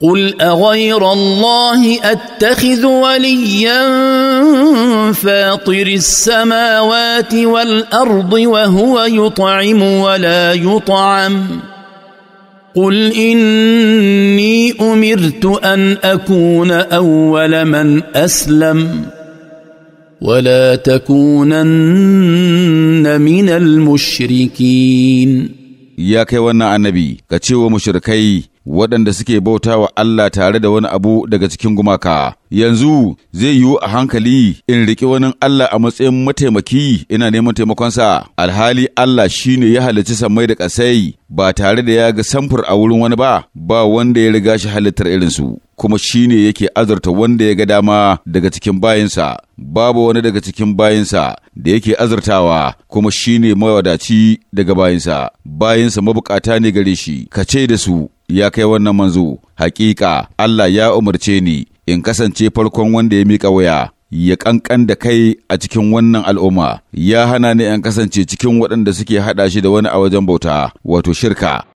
قل اغير الله اتخذ وليا فاطر السماوات والارض وهو يطعم ولا يطعم قل اني امرت ان اكون اول من اسلم ولا تكونن من المشركين يا كيوانا النبي كتشوى مشركي waɗanda suke bauta wa Allah tare da wani abu daga cikin gumaka. Yanzu zai yiwu a hankali in riƙe wani Allah a matsayin mataimaki ina neman taimakonsa, alhali Allah shi ne ya halarci sammai da ƙasai ba tare da ya ga samfur a wurin wani ba, ba wanda ya riga shi halittar irinsu. Kuma shi ne yake azurta wanda ya ga dama daga cikin bayinsa, babu wani daga cikin bayinsa da yake azurtawa kuma shi ne mawadaci daga bayinsa, bayinsa mabukata ne gare shi, ka ce da su ya kai wannan manzo, hakika Allah ya umarce ni in kasance farkon wanda ya mika waya, ya ƙanƙan da kai a cikin wannan al'umma, ya hana ni in kasance cikin waɗanda suke haɗa shi da wani a wajen bauta, wato shirka.